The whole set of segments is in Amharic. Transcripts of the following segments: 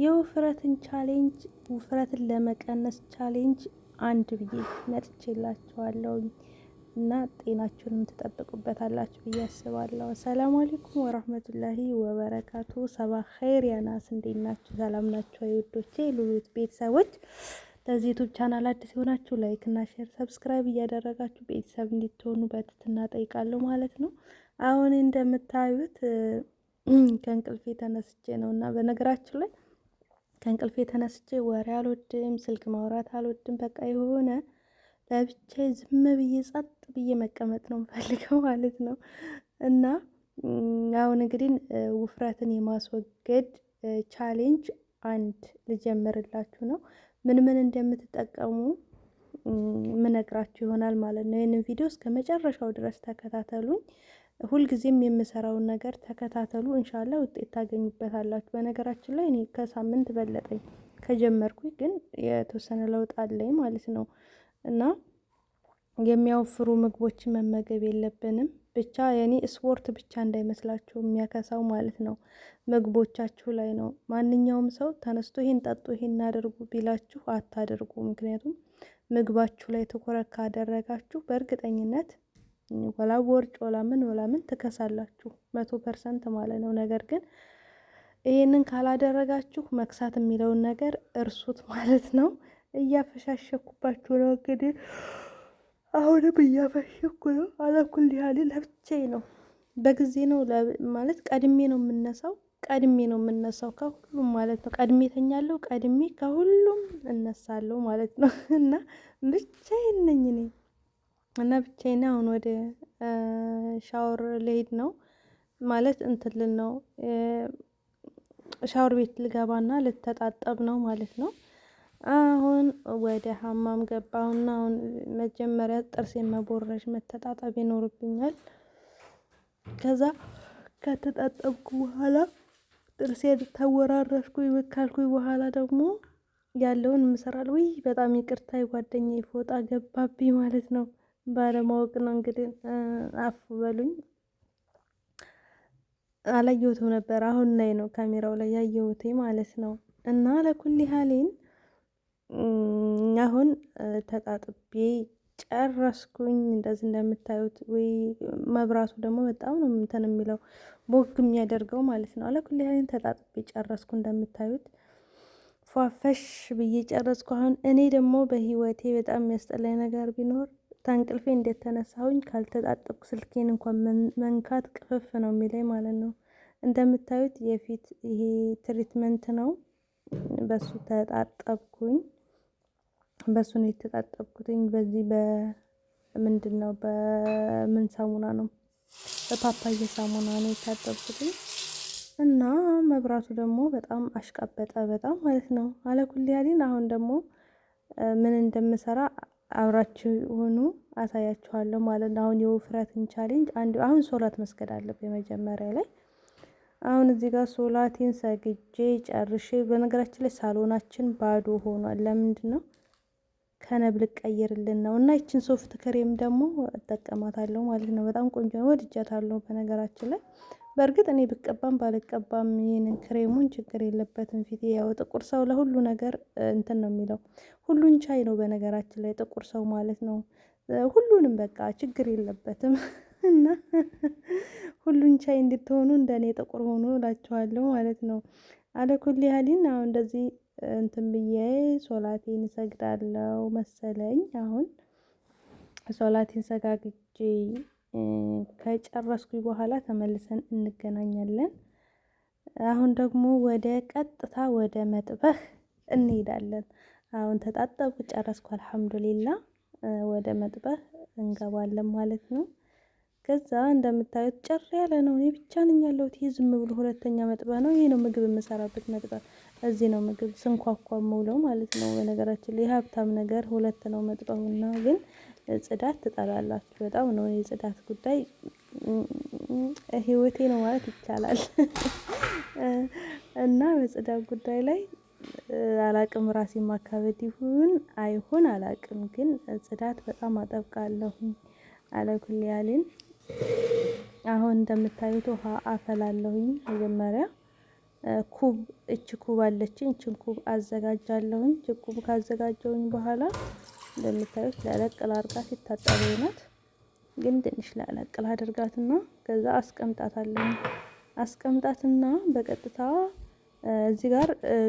የውፍረትን ቻሌንጅ ውፍረትን ለመቀነስ ቻሌንጅ አንድ ብዬ መጥቼላችኋለሁ እና ጤናችሁንም ትጠብቁበታላችሁ ብዬ አስባለሁ። ሰላም አለይኩም ወራህመቱላሂ ወበረካቱ። ሰባ ኸይር ያናስ እንዴት ናችሁ? ሰላም ናችሁ? ውዶቼ ሉሉት ቤተሰቦች ለዚህ ዩቱብ ቻናል አዲስ የሆናችሁ ላይክ እና ሼር ሰብስክራይብ እያደረጋችሁ ቤተሰብ እንድትሆኑ በትህትና ጠይቃለሁ ማለት ነው። አሁን እንደምታዩት ከእንቅልፌ ተነስቼ ነው እና በነገራችሁ ላይ ከእንቅልፍ የተነስቼ ወሬ አልወድም፣ ስልክ ማውራት አልወድም። በቃ የሆነ ለብቻ ዝም ብዬ ጸጥ ብዬ መቀመጥ ነው የምፈልገው ማለት ነው። እና አሁን እንግዲህ ውፍረትን የማስወገድ ቻሌንጅ አንድ ልጀምርላችሁ ነው። ምን ምን እንደምትጠቀሙ ምነግራችሁ ይሆናል ማለት ነው። ይህንን ቪዲዮ እስከ መጨረሻው ድረስ ተከታተሉኝ። ሁልጊዜም የምሰራውን ነገር ተከታተሉ። እንሻላ ውጤት ታገኙበታላችሁ። በነገራችን ላይ እኔ ከሳምንት በለጠኝ ከጀመርኩኝ፣ ግን የተወሰነ ለውጥ አለኝ ማለት ነው እና የሚያወፍሩ ምግቦችን መመገብ የለብንም። ብቻ የኔ ስፖርት ብቻ እንዳይመስላችሁ የሚያከሳው ማለት ነው ምግቦቻችሁ ላይ ነው። ማንኛውም ሰው ተነስቶ ይሄን ጠጡ፣ ይሄን አድርጉ ቢላችሁ አታድርጉ። ምክንያቱም ምግባችሁ ላይ ትኩረት ካደረጋችሁ በእርግጠኝነት ወላ ወርጭ ወላ ምን ወላ ምን ትከሳላችሁ መቶ ፐርሰንት ማለት ነው። ነገር ግን ይህንን ካላደረጋችሁ መክሳት የሚለውን ነገር እርሱት ማለት ነው። እያፈሻሸኩባችሁ ነው እንግዲህ አሁንም እያፈሸኩ ነው። አላኩል ያህል ለብቼ ነው በጊዜ ነው ማለት ቀድሜ ነው የምነሳው ቀድሜ ነው የምነሳው ከሁሉም ማለት ነው። ቀድሜ ተኛለሁ፣ ቀድሜ ከሁሉም እነሳለሁ ማለት ነው እና ብቻዬን ነኝ እኔ። እና ብቻዬን አሁን ወደ ሻወር ልሄድ ነው ማለት እንትን ልል ነው ሻወር ቤት ልገባና ልተጣጠብ ነው ማለት ነው። አሁን ወደ ሀማም ገባሁና አሁን መጀመሪያ ጥርሴ መቦረሽ መተጣጠብ ይኖርብኛል። ከዛ ከተጣጠብኩ በኋላ ጥርሴን ተወራረፍኩኝ ካልኩኝ በኋላ ደግሞ ያለውን ምሰራል። ውይ በጣም ይቅርታ የጓደኛዬ ፎጣ ገባብኝ ማለት ነው። ባለማወቅ ነው እንግዲህ አፉ በሉኝ። አላየሁትም ነበር። አሁን ላይ ነው ካሜራው ላይ ያየሁት ማለት ነው። እና ለኩል ሀሌን አሁን ተጣጥቤ ጨረስኩኝ። እንደዚህ እንደምታዩት ወይ መብራቱ ደግሞ በጣም ነው እንትን የሚለው ቦግ የሚያደርገው ማለት ነው። አለኩል ሀሌን ተጣጥቤ ጨረስኩ እንደምታዩት ፏፈሽ ብዬ ጨረስኩ። አሁን እኔ ደግሞ በህይወቴ በጣም የሚያስጠላኝ ነገር ቢኖር ታንቅልፌ እንደተነሳሁኝ ካልተጣጠብኩ ስልኬን እንኳን መንካት ቅፍፍ ነው የሚለኝ ማለት ነው። እንደምታዩት የፊት ይሄ ትሪትመንት ነው። በሱ ተጣጠብኩኝ። በሱ ነው የተጣጠብኩትኝ። በዚህ በምንድን ነው በምን ሳሙና ነው በፓፓያ ሳሙና ነው የታጠብኩትኝ። እና መብራቱ ደግሞ በጣም አሽቃበጠ በጣም ማለት ነው። አለኩልያሊን አሁን ደግሞ ምን እንደምሰራ አብራቸው የሆኑ አሳያችኋለሁ ማለት ነው። አሁን የውፍረትን ቻሌንጅ አንድ አሁን ሶላት መስገድ አለብኝ መጀመሪያ ላይ አሁን እዚህ ጋር ሶላቴን ሰግጄ ጨርሼ፣ በነገራችን ላይ ሳሎናችን ባዶ ሆኗል። ለምንድን ነው ከነብ ልቀይርልን ነው እና ይችን ሶፍት ክሬም ደግሞ እጠቀማታለሁ ማለት ነው። በጣም ቆንጆ ነው፣ ወድጃታለሁ በነገራችን ላይ በእርግጥ እኔ ብቀባም ባልቀባም ይህንን ክሬሙን ችግር የለበትም። ፊቴ ያው ጥቁር ሰው ለሁሉ ነገር እንትን ነው የሚለው ሁሉን ቻይ ነው። በነገራችን ላይ ጥቁር ሰው ማለት ነው ሁሉንም በቃ ችግር የለበትም እና ሁሉን ቻይ እንድትሆኑ እንደኔ ጥቁር ሆኑ እላችኋለሁ ማለት ነው። አለኩል ያህሊን አሁን እንደዚህ እንትን ብዬ ሶላቴን ይሰግዳለው መሰለኝ። አሁን ሶላቴን ሰጋግጄ ከጨረስኩ በኋላ ተመልሰን እንገናኛለን። አሁን ደግሞ ወደ ቀጥታ ወደ መጥበህ እንሄዳለን። አሁን ተጣጠብኩ፣ ጨረስኩ፣ አልሐምዱሊላ ወደ መጥበህ እንገባለን ማለት ነው። ከዛ እንደምታዩት ጭር ያለ ነው። እኔ ብቻ ነኝ ያለሁት። ይህ ዝም ብሎ ሁለተኛ መጥበህ ነው። ይሄ ነው ምግብ የምሰራበት መጥበህ። እዚህ ነው ምግብ ስንኳኳ ምውለው ማለት ነው። በነገራችን ላይ የሀብታም ነገር ሁለት ነው መጥበሁና ግን ጽዳት ትጠላላችሁ። በጣም ነው የጽዳት ጉዳይ ህይወቴ ነው ማለት ይቻላል። እና በጽዳት ጉዳይ ላይ አላቅም ራሴ ማካበድ ይሁን አይሁን አላቅም፣ ግን ጽዳት በጣም አጠብቃለሁ። አለኩልያልን አሁን እንደምታዩት ውሃ አፈላለሁኝ። መጀመሪያ ኩብ እች ኩብ አለችኝ። እችን ኩብ አዘጋጃለሁኝ። እች ኩብ ካዘጋጀውኝ በኋላ እንደምታዩት ለለቅል አድርጋ ሲታጠብ ይሆናት ግን ትንሽ ለለቅል አድርጋትና ከዛ አስቀምጣታለሁ። አስቀምጣትና በቀጥታ እዚህ ጋር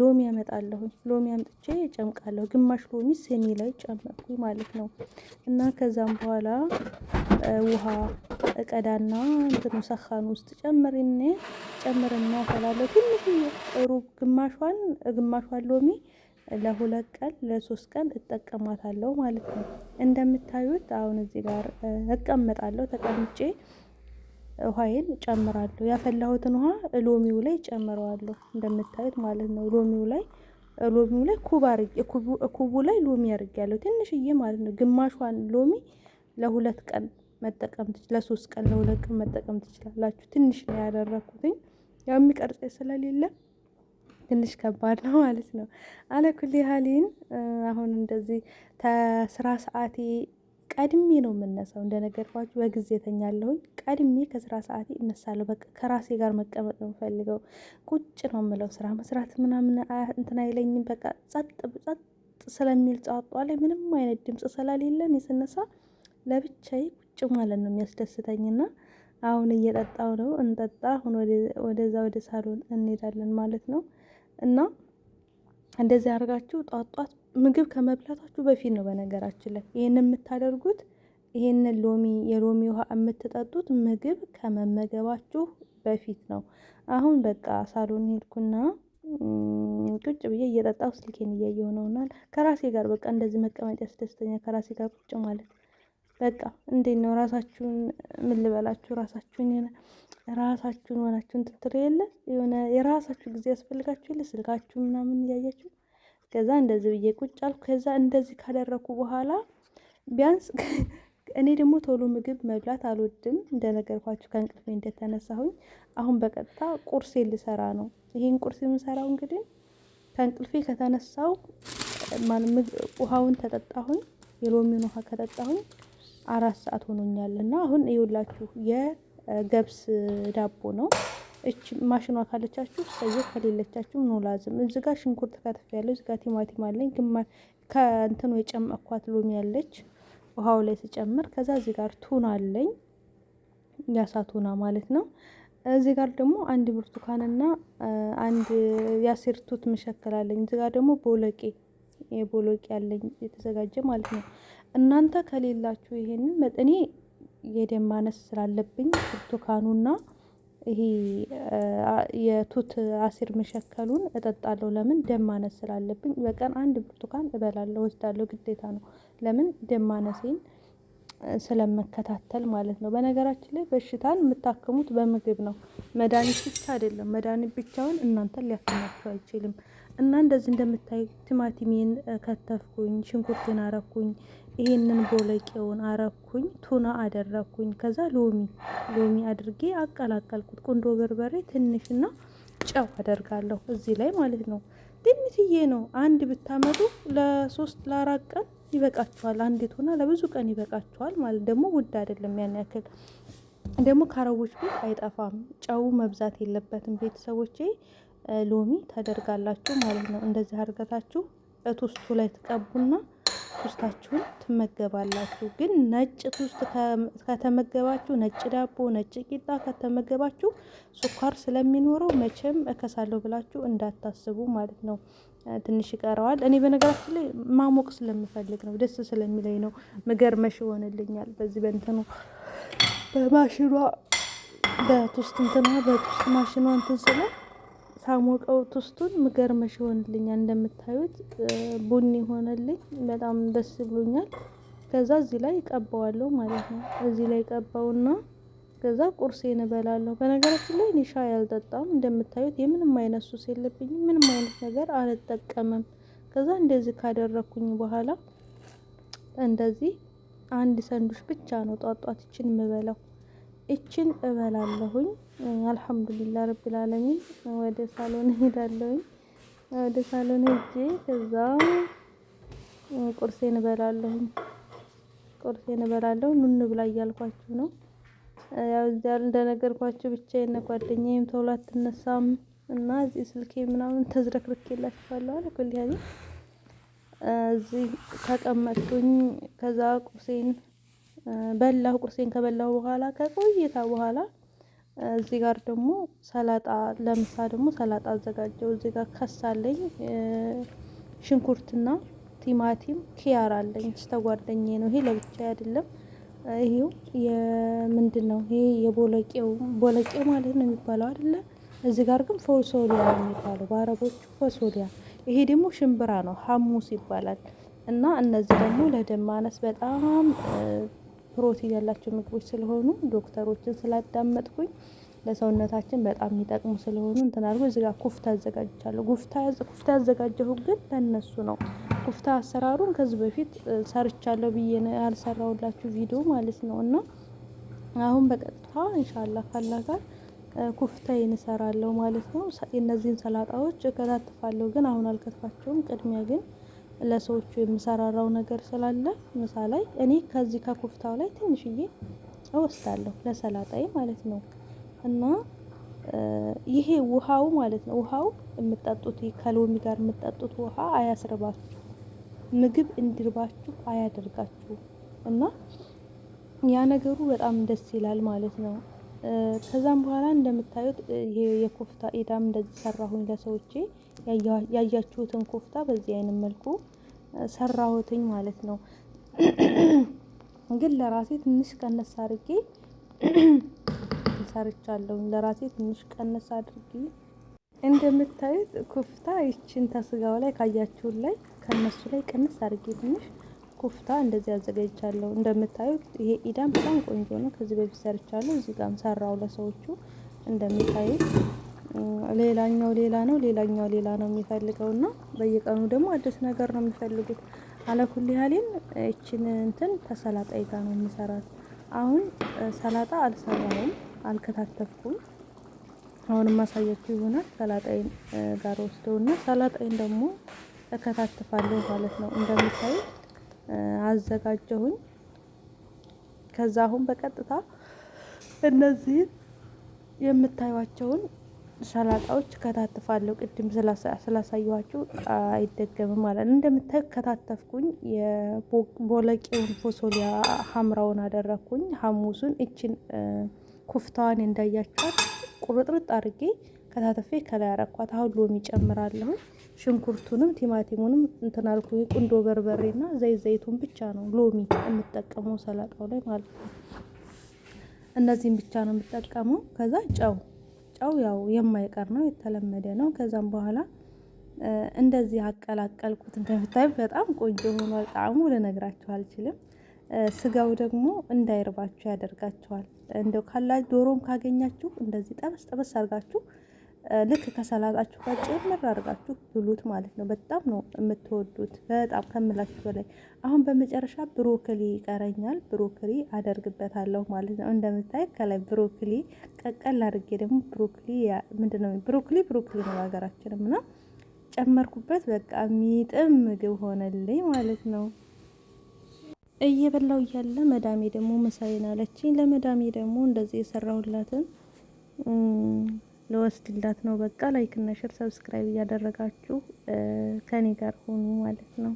ሎሚ ያመጣለሁ። ሎሚ አምጥቼ ጨምቃለሁ። ግማሽ ሎሚ ስኒ ላይ ጨመርኩ ማለት ነው። እና ከዛም በኋላ ውሃ እቀዳና እንትኑ ሰሃን ውስጥ ጨምርኔ ጨምርና ፈላለሁ ትንሽ ሩብ ግማሿን ግማሿን ሎሚ ለሁለት ቀን ለሶስት ቀን እጠቀማታለሁ ማለት ነው። እንደምታዩት አሁን እዚህ ጋር እቀመጣለሁ። ተቀምጬ ውሃዬን ጨምራለሁ። ያፈላሁትን ውሃ ሎሚው ላይ ጨምረዋለሁ እንደምታዩት ማለት ነው። ሎሚው ላይ ሎሚው ላይ ኩብ ኩቡ ላይ ሎሚ አድርጌያለሁ ትንሽዬ ማለት ነው። ግማሿን ሎሚ ለሁለት ቀን መጠቀም ለሶስት ቀን ለሁለት ቀን መጠቀም ትችላላችሁ። ትንሽ ነው ያደረኩትኝ ያው የሚቀርጽ ስለሌለ ትንሽ ከባድ ነው ማለት ነው። አለኩል ያህሊን አሁን እንደዚህ ተስራ ሰዓቴ ቀድሜ ነው የምነሳው። እንደነገርኳችሁ በጊዜ ተኛለሁኝ። ቀድሜ ከስራ ሰዓቴ እነሳለሁ። በቃ ከራሴ ጋር መቀመጥ ነው የምፈልገው። ቁጭ ነው የምለው። ስራ መስራት ምናምን እንትን አይለኝም። በቃ ጸጥ ጸጥ ስለሚል ጸጧ ላይ ምንም አይነት ድምፅ ስለሌለ ስነሳ ለብቻዬ ቁጭ ማለት ነው የሚያስደስተኝና አሁን እየጠጣው ነው። እንጠጣ አሁን ወደዛ ወደ ሳሎን እንሄዳለን ማለት ነው። እና እንደዚህ አድርጋችሁ ጧት ጧት ምግብ ከመብላታችሁ በፊት ነው። በነገራችን ላይ ይህን የምታደርጉት ይህንን ሎሚ የሎሚ ውሃ የምትጠጡት ምግብ ከመመገባችሁ በፊት ነው። አሁን በቃ ሳሎን ሄድኩና ቁጭ ብዬ እየጠጣሁ ስልኬን እያየሁ ነውና ከራሴ ጋር በቃ እንደዚህ መቀመጥ ያስደስተኛል። ከራሴ ጋር ቁጭ ማለት በቃ እንዴት ነው ራሳችሁን ምን ልበላችሁ፣ ራሳችሁን ራሳችሁን ሆናችሁን ትትል የለ የሆነ የራሳችሁ ጊዜ ያስፈልጋችሁ የለ ስልካችሁ ምናምን እያያችሁ ከዛ እንደዚህ ብዬ ቁጭ አልኩ። ከዛ እንደዚህ ካደረኩ በኋላ ቢያንስ እኔ ደግሞ ቶሎ ምግብ መብላት አልወድም፣ እንደነገርኳችሁ ከእንቅልፌ እንደተነሳሁኝ አሁን በቀጥታ ቁርሴ ልሰራ ነው። ይሄን ቁርስ የምሰራው እንግዲህ ከእንቅልፌ ከተነሳው ውሃውን ተጠጣሁኝ፣ የሎሚውን ውሃ ከጠጣሁኝ አራት ሰዓት ሆኖኛል እና አሁን ይኸውላችሁ የገብስ ዳቦ ነው። እች ማሽኗ ካለቻችሁ ሰየ ከሌለቻችሁ ኖ ላዝም። እዚ ጋር ሽንኩርት ከትፍ ያለው እዚ ጋር ቲማቲም አለኝ ግማ ከእንትኑ የጨመቅኳት ሎሚ ያለች ውሃው ላይ ስጨምር ከዛ እዚ ጋር ቱና አለኝ ያሳ ቱና ማለት ነው። እዚ ጋር ደግሞ አንድ ብርቱካንና አንድ ያሴርቱት ምሸክላለኝ። እዚ ጋር ደግሞ ቦለቄ የቦሎቅ ያለኝ የተዘጋጀ ማለት ነው። እናንተ ከሌላችሁ ይሄንን እኔ የደም ማነስ ስላለብኝ ብርቱካኑና ይሄ የቱት አሲር መሸከሉን እጠጣለሁ። ለምን ደም ማነስ ስላለብኝ በቀን አንድ ብርቱካን እበላለሁ፣ ወስዳለሁ፣ ግዴታ ነው። ለምን ደም ማነሴን ስለመከታተል ማለት ነው። በነገራችን ላይ በሽታን የምታክሙት በምግብ ነው፣ መድኃኒት ብቻ አይደለም። መድኃኒት ብቻውን እናንተን ሊያክማችሁ አይችልም። እና እንደዚህ እንደምታይ ቲማቲሜን ከተፍኩኝ፣ ሽንኩርትን አረኩኝ፣ ይሄንን ቦለቄውን አረኩኝ፣ ቱና አደረኩኝ። ከዛ ሎሚ ሎሚ አድርጌ አቀላቀልኩት። ቁንዶ በርበሬ ትንሽና ጨው አደርጋለሁ እዚህ ላይ ማለት ነው። ትንሽዬ ነው። አንድ ብታመጡ ለሶስት ለአራት ቀን ይበቃችኋል። አንዲት ሆና ለብዙ ቀን ይበቃችኋል ማለት ደግሞ ውድ አይደለም ያን ያክል ደግሞ ከአረቦች ቤት አይጠፋም። ጨው መብዛት የለበትም። ቤተሰቦቼ ሎሚ ታደርጋላችሁ ማለት ነው። እንደዚህ አድርገታችሁ ቱስቱ ላይ ትቀቡና ቱስታችሁን ትመገባላችሁ። ግን ነጭ ቱስት ከተመገባችሁ፣ ነጭ ዳቦ፣ ነጭ ቂጣ ከተመገባችሁ ስኳር ስለሚኖረው መቼም እከሳለሁ ብላችሁ እንዳታስቡ ማለት ነው። ትንሽ ይቀረዋል። እኔ በነገራችን ላይ ማሞቅ ስለምፈልግ ነው፣ ደስ ስለሚለኝ ነው። መገርመሽ ይሆንልኛል በዚህ በእንትኑ በማሽኗ በቱስት እንትና በቱስት ማሽኗ እንትን ስለ ሳሞቀው ቱስቱን ምገርመሽ ይሆንልኛል። እንደምታዩት ቡኒ ሆነልኝ፣ በጣም ደስ ብሎኛል። ከዛ እዚህ ላይ ቀባዋለሁ ማለት ነው። እዚህ ላይ ቀባውና ከዛ ቁርሴን እበላለሁ። በነገራችን ላይ እኔ ሻይ አልጠጣም። እንደምታዩት የምንም አይነት ሱስ የለብኝም። ምንም አይነት ነገር አልጠቀምም። ከዛ እንደዚህ ካደረኩኝ በኋላ እንደዚህ አንድ ሰንዱሽ ብቻ ነው ጧጧት እችን የምበላው። እችን እበላለሁኝ። አልሐምዱሊላ ረብልዓለሚን። ወደ ሳሎን እሄዳለሁኝ። ወደ ሳሎን ሄጄ ከዛ ቁርሴን እበላለሁኝ። ቁርሴን እበላለሁ። ኑን ብላ እያልኳችሁ ነው። ያው እዚያ እንደነገርኳችሁ ብቻዬን ጓደኛዬም ቶሎ አትነሳም እና እዚህ ስልኬ ምናምን ተዝረክርኬላችኋለሁ አለ ኩል ያኔ እዚህ ተቀመጥኩኝ። ከዛ ቁርሴን በላሁ። ቁርሴን ከበላሁ በኋላ ከቆይታ በኋላ እዚህ ጋር ደግሞ ሰላጣ ለምሳ ደግሞ ሰላጣ አዘጋጀው። እዚህ ጋር ከሳለኝ ሽንኩርትና ቲማቲም ኪያር አለኝ። ስተጓደኘ ነው ይሄ ለብቻ አይደለም። ይሄው የምንድን ነው ይሄ የቦለቄው ቦለቄው ማለት ነው የሚባለው አይደለ? እዚህ ጋር ግን ፎሶሊያ ነው የሚባለው በአረቦቹ ፎሶሊያ። ይሄ ደግሞ ሽምብራ ነው ሐሙስ ይባላል። እና እነዚህ ደግሞ ለደም ማነስ በጣም ፕሮቲን ያላቸው ምግቦች ስለሆኑ ዶክተሮችን ስላዳመጥኩኝ ለሰውነታችን በጣም የሚጠቅሙ ስለሆኑ እንትን አድርጎ እዚህ ጋር ኩፍታ አዘጋጅቻለሁ። ኩፍታ ያዘጋጀሁት ግን ለእነሱ ነው። ኩፍታ አሰራሩን ከዚህ በፊት ሰርቻለሁ ብዬ ያልሰራውላችሁ ቪዲዮ ማለት ነው። እና አሁን በቀጥታ እንሻላ ካላጋ ኩፍታ እንሰራለሁ ማለት ነው። እነዚህን ሰላጣዎች እከታትፋለሁ፣ ግን አሁን አልከትፋቸውም። ቅድሚያ ግን ለሰዎቹ የምሰራራው ነገር ስላለ ምሳ ላይ እኔ ከዚህ ከኩፍታው ላይ ትንሽዬ እወስዳለሁ ለሰላጣዬ ማለት ነው። እና ይሄ ውሃው ማለት ነው ውሃው የምጠጡት ከሎሚ ጋር የምጠጡት ውሃ አያስርባችሁ። ምግብ እንዲርባችሁ አያደርጋችሁም እና ያ ነገሩ በጣም ደስ ይላል ማለት ነው። ከዛም በኋላ እንደምታዩት ይሄ የኮፍታ ኢዳም እንደዚህ ሰራሁኝ ለሰዎቼ ያያችሁትን ኮፍታ በዚህ አይነት መልኩ ሰራሁትኝ ማለት ነው። ግን ለራሴ ትንሽ ቀነስ አድርጌ ሰርቻለሁ። ለራሴ ትንሽ ቀነስ አድርጌ እንደምታዩት ኮፍታ ይችን ተስጋው ላይ ካያችሁን ላይ ከነሱ ላይ ቅንስ አድርጌ ትንሽ ኩፍታ እንደዚህ አዘጋጅቻለሁ። እንደምታዩት ይሄ ኢዳም በጣም ቆንጆ ነው። ከዚህ በፊት ሰርቻለሁ። እዚህ ጋርም ሰራው ለሰዎቹ እንደምታዩት። ሌላኛው ሌላ ነው፣ ሌላኛው ሌላ ነው የሚፈልገው እና በየቀኑ ደግሞ አዲስ ነገር ነው የሚፈልጉት። አለኩል ያህልን እችን እንትን ተሰላጣ ይጋ ነው የሚሰራት። አሁን ሰላጣ አልሰራውም፣ አልከታተፍኩም። አሁን ማሳያችሁ ይሆናል። ሰላጣይን ጋር ወስደውና ሰላጣይን ደግሞ እከታትፋለሁ ማለት ነው። እንደምታዩት አዘጋጀሁኝ። ከዛ አሁን በቀጥታ እነዚህን የምታዩቸውን ሰላጣዎች ከታትፋለሁ። ቅድም ስላሳየኋችሁ አይደገምም ማለት ነው። እንደምታዩ ከታተፍኩኝ የቦለቄውን ፎሶሊያ ሀምራውን አደረግኩኝ። ሀሙሱን እችን ኩፍታዋን እንዳያችኋት ቁርጥርጥ አድርጌ ከታተፌ ከላይ አረኳት። አሁን ሎሚ ጨምራለሁ። ሽንኩርቱንም ቲማቲሙንም እንትናልኩ ቁንዶ በርበሬና ዘይት ዘይቱን ብቻ ነው ሎሚ የምጠቀመው ሰላጣው ላይ ማለት ነው። እነዚህም ብቻ ነው የምጠቀመው። ከዛ ጨው ጨው ያው የማይቀር ነው የተለመደ ነው። ከዛም በኋላ እንደዚህ አቀላቀልኩት። እንደምታይ በጣም ቆንጆ ሆኗል። ጣዕሙ ልነግራችሁ አልችልም። ስጋው ደግሞ እንዳይርባችሁ ያደርጋችኋል። እንደው ካላ ዶሮም ካገኛችሁ እንደዚህ ጠበስ ጠበስ አድርጋችሁ ልክ ከሰላጣችሁ ጋር ጭምር አድርጋችሁ ብሉት ማለት ነው። በጣም ነው የምትወዱት፣ በጣም ከምላችሁ በላይ። አሁን በመጨረሻ ብሮኮሊ ይቀረኛል። ብሮኮሊ አደርግበታለሁ ማለት ነው። እንደምታይ ከላይ ብሮኮሊ ቀቀል አድርጌ ደግሞ ብሮኮሊ ምንድን ነው ብሮኮሊ ብሮኮሊ ነው ሀገራችንም እና ጨመርኩበት። በቃ የሚጥም ምግብ ሆነልኝ ማለት ነው። እየበላው እያለ መዳሜ ደግሞ መሳይን አለችኝ። ለመዳሜ ደግሞ እንደዚህ የሰራሁላትን ለወስድላት ነው። በቃ ላይክ እና ሼር ሰብስክራይብ እያደረጋችሁ ከኔ ጋር ሆኑ ማለት ነው።